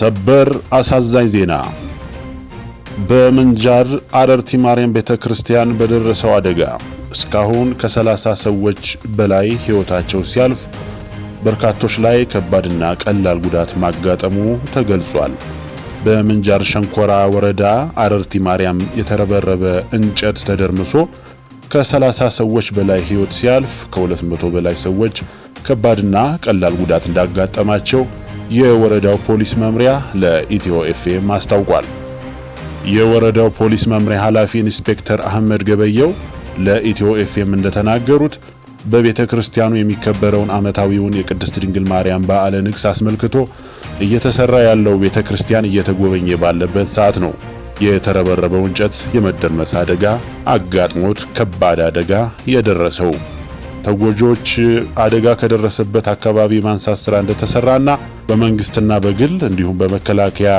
ሰበር አሳዛኝ ዜና በምንጃር አረርቲ ማርያም ቤተ ክርስቲያን በደረሰው አደጋ እስካሁን ከ30 ሰዎች በላይ ሕይወታቸው ሲያልፍ በርካቶች ላይ ከባድና ቀላል ጉዳት ማጋጠሙ ተገልጿል። በምንጃር ሸንኮራ ወረዳ አረርቲ ማርያም የተረበረበ እንጨት ተደርምሶ ከ30 ሰዎች በላይ ሕይወት ሲያልፍ ከ200 በላይ ሰዎች ከባድና ቀላል ጉዳት እንዳጋጠማቸው የወረዳው ፖሊስ መምሪያ ለኢትዮ ኤፍኤም አስታውቋል። የወረዳው ፖሊስ መምሪያ ኃላፊ ኢንስፔክተር አህመድ ገበየው ለኢትዮ ኤፍኤም እንደተናገሩት በቤተ ክርስቲያኑ የሚከበረውን ዓመታዊውን የቅድስት ድንግል ማርያም በዓለ ንግስ አስመልክቶ እየተሰራ ያለው ቤተ ክርስቲያን እየተጎበኘ ባለበት ሰዓት ነው የተረበረበው እንጨት የመደርመስ አደጋ አጋጥሞት ከባድ አደጋ የደረሰው። ተጎጂዎች አደጋ ከደረሰበት አካባቢ ማንሳት ስራ እንደተሰራና በመንግስትና በግል እንዲሁም በመከላከያ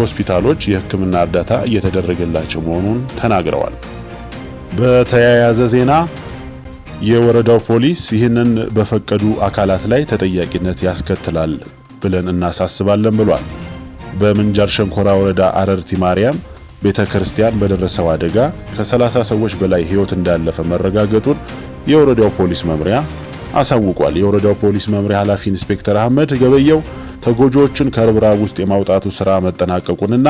ሆስፒታሎች የሕክምና እርዳታ እየተደረገላቸው መሆኑን ተናግረዋል። በተያያዘ ዜና የወረዳው ፖሊስ ይህንን በፈቀዱ አካላት ላይ ተጠያቂነት ያስከትላል ብለን እናሳስባለን ብሏል። በምንጃር ሸንኮራ ወረዳ አረርቲ ማርያም ቤተ ክርስቲያን በደረሰው አደጋ ከ30 ሰዎች በላይ ሕይወት እንዳለፈ መረጋገጡን የወረዳው ፖሊስ መምሪያ አሳውቋል። የወረዳው ፖሊስ መምሪያ ኃላፊ ኢንስፔክተር አህመድ ገበየው ተጎጂዎችን ከርብራብ ውስጥ የማውጣቱ ስራ መጠናቀቁንና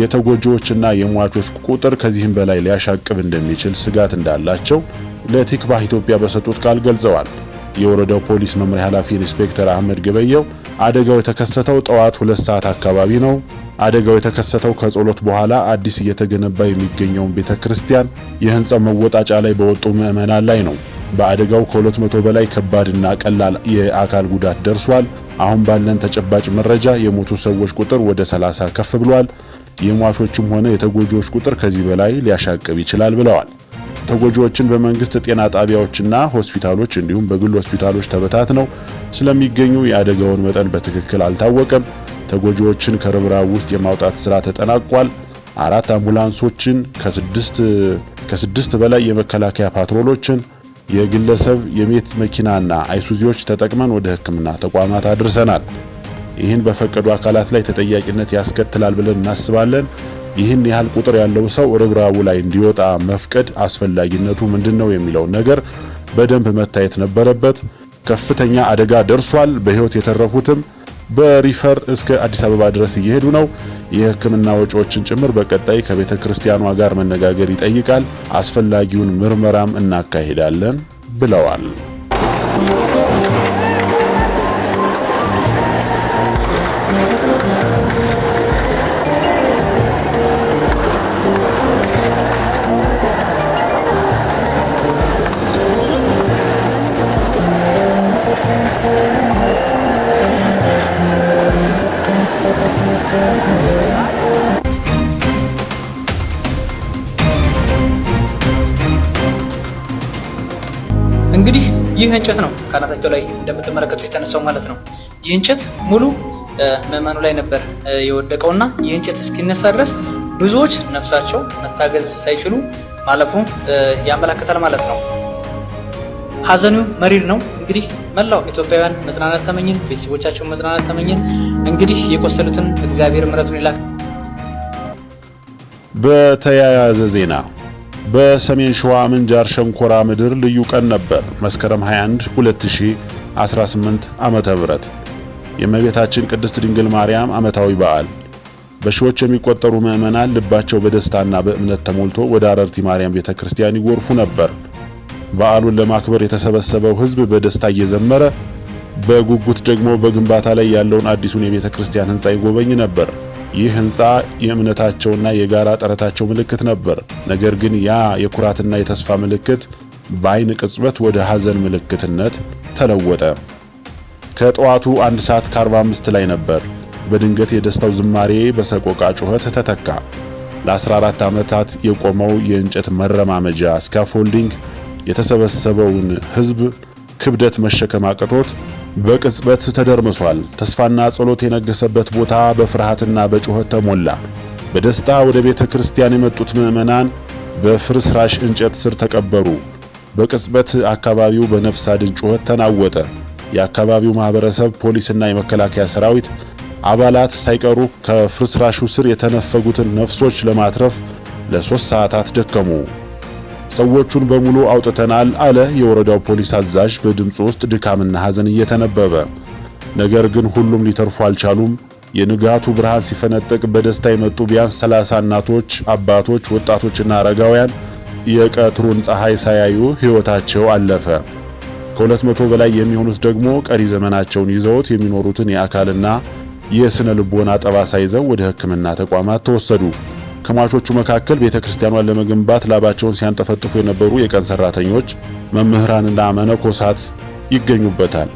የተጎጂዎችና የሟቾች ቁጥር ከዚህም በላይ ሊያሻቅብ እንደሚችል ስጋት እንዳላቸው ለቲክባህ ኢትዮጵያ በሰጡት ቃል ገልጸዋል። የወረዳው ፖሊስ መምሪያ ኃላፊ ኢንስፔክተር አህመድ ገበየው አደጋው የተከሰተው ጠዋት ሁለት ሰዓት አካባቢ ነው። አደጋው የተከሰተው ከጸሎት በኋላ አዲስ እየተገነባ የሚገኘውን ቤተ ክርስቲያን የህንፃው መወጣጫ ላይ በወጡ ምዕመናን ላይ ነው። በአደጋው ከ200 በላይ ከባድና ቀላል የአካል ጉዳት ደርሷል። አሁን ባለን ተጨባጭ መረጃ የሞቱ ሰዎች ቁጥር ወደ 30 ከፍ ብሏል። የሟቾችም ሆነ የተጎጂዎች ቁጥር ከዚህ በላይ ሊያሻቅብ ይችላል ብለዋል። ተጎጂዎችን በመንግስት ጤና ጣቢያዎችና ሆስፒታሎች እንዲሁም በግል ሆስፒታሎች ተበታትነው ስለሚገኙ የአደጋውን መጠን በትክክል አልታወቀም። ተጎጂዎችን ከርብራብ ውስጥ የማውጣት ስራ ተጠናቋል። አራት አምቡላንሶችን ከስድስት በላይ የመከላከያ ፓትሮሎችን የግለሰብ የሜት መኪናና አይሱዚዎች ተጠቅመን ወደ ሕክምና ተቋማት አድርሰናል። ይህን በፈቀዱ አካላት ላይ ተጠያቂነት ያስከትላል ብለን እናስባለን። ይህን ያህል ቁጥር ያለው ሰው ርብራቡ ላይ እንዲወጣ መፍቀድ አስፈላጊነቱ ምንድነው የሚለው ነገር በደንብ መታየት ነበረበት። ከፍተኛ አደጋ ደርሷል። በህይወት የተረፉትም በሪፈር እስከ አዲስ አበባ ድረስ እየሄዱ ነው። የህክምና ወጪዎችን ጭምር በቀጣይ ከቤተ ክርስቲያኗ ጋር መነጋገር ይጠይቃል። አስፈላጊውን ምርመራም እናካሂዳለን ብለዋል። እንግዲህ ይህ እንጨት ነው ከአናታቸው ላይ እንደምትመለከቱት የተነሳው ማለት ነው። ይህ እንጨት ሙሉ ምዕመኑ ላይ ነበር የወደቀው እና ይህ እንጨት እስኪነሳ ድረስ ብዙዎች ነፍሳቸው መታገዝ ሳይችሉ ማለፉ ያመላክታል ማለት ነው። ሀዘኑ መሪር ነው። እንግዲህ መላው ኢትዮጵያውያን መጽናናት ተመኝን፣ ቤተሰቦቻቸውን መጽናናት ተመኝን። እንግዲህ የቆሰሉትን እግዚአብሔር ምሕረቱን ይላክ። በተያያዘ ዜና በሰሜን ሸዋ ምንጃር ሸንኮራ ምድር ልዩ ቀን ነበር። መስከረም 21 2018 ዓመተ ምህረት የእመቤታችን ቅድስት ድንግል ማርያም ዓመታዊ በዓል። በሺዎች የሚቆጠሩ ምዕመናን ልባቸው በደስታና በእምነት ተሞልቶ ወደ አረርቲ ማርያም ቤተክርስቲያን ይጎርፉ ነበር። በዓሉን ለማክበር የተሰበሰበው ሕዝብ በደስታ እየዘመረ፣ በጉጉት ደግሞ በግንባታ ላይ ያለውን አዲሱን የቤተክርስቲያን ክርስቲያን ሕንፃ ይጎበኝ ነበር። ይህ ህንፃ የእምነታቸውና የጋራ ጥረታቸው ምልክት ነበር። ነገር ግን ያ የኩራትና የተስፋ ምልክት በአይን ቅጽበት ወደ ሐዘን ምልክትነት ተለወጠ። ከጠዋቱ አንድ ሰዓት ከ45 ላይ ነበር። በድንገት የደስታው ዝማሬ በሰቆቃ ጩኸት ተተካ። ለ14 ዓመታት የቆመው የእንጨት መረማመጃ ስካፎልዲንግ የተሰበሰበውን ህዝብ ክብደት መሸከም አቅቶት በቅጽበት ተደርምሷል። ተስፋና ጸሎት የነገሰበት ቦታ በፍርሃትና በጩኸት ተሞላ። በደስታ ወደ ቤተ ክርስቲያን የመጡት ምዕመናን በፍርስራሽ እንጨት ስር ተቀበሩ። በቅጽበት አካባቢው በነፍስ አድን ጩኸት ተናወጠ። የአካባቢው ማህበረሰብ፣ ፖሊስና የመከላከያ ሰራዊት አባላት ሳይቀሩ ከፍርስራሹ ስር የተነፈጉትን ነፍሶች ለማትረፍ ለሶስት ሰዓታት ደከሙ። ሰዎቹን በሙሉ አውጥተናል አለ የወረዳው ፖሊስ አዛዥ በድምፅ ውስጥ ድካምና ሐዘን እየተነበበ። ነገር ግን ሁሉም ሊተርፉ አልቻሉም። የንጋቱ ብርሃን ሲፈነጥቅ በደስታ የመጡ ቢያንስ 30 እናቶች፣ አባቶች፣ ወጣቶችና አረጋውያን የቀትሩን ፀሐይ ሳያዩ ሕይወታቸው አለፈ። ከሁለት መቶ በላይ የሚሆኑት ደግሞ ቀሪ ዘመናቸውን ይዘውት የሚኖሩትን የአካልና የስነ ልቦና ጠባሳ ይዘው ወደ ሕክምና ተቋማት ተወሰዱ። ከሟቾቹ መካከል ቤተ ክርስቲያኗን ለመገንባት ላባቸውን ሲያንጠፈጥፉ የነበሩ የቀን ሰራተኞች፣ መምህራንና መነኮሳት ይገኙበታል።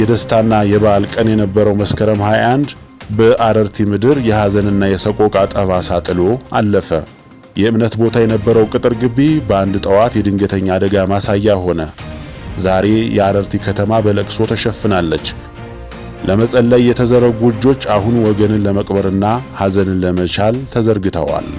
የደስታና የበዓል ቀን የነበረው መስከረም 21 በአረርቲ ምድር የሐዘንና የሰቆቃ ጠባሳ ጥሎ አለፈ። የእምነት ቦታ የነበረው ቅጥር ግቢ በአንድ ጠዋት የድንገተኛ አደጋ ማሳያ ሆነ። ዛሬ የአረርቲ ከተማ በለቅሶ ተሸፍናለች። ለመጸለይ የተዘረጉ እጆች አሁን ወገንን ለመቅበርና ሐዘንን ለመቻል ተዘርግተዋል።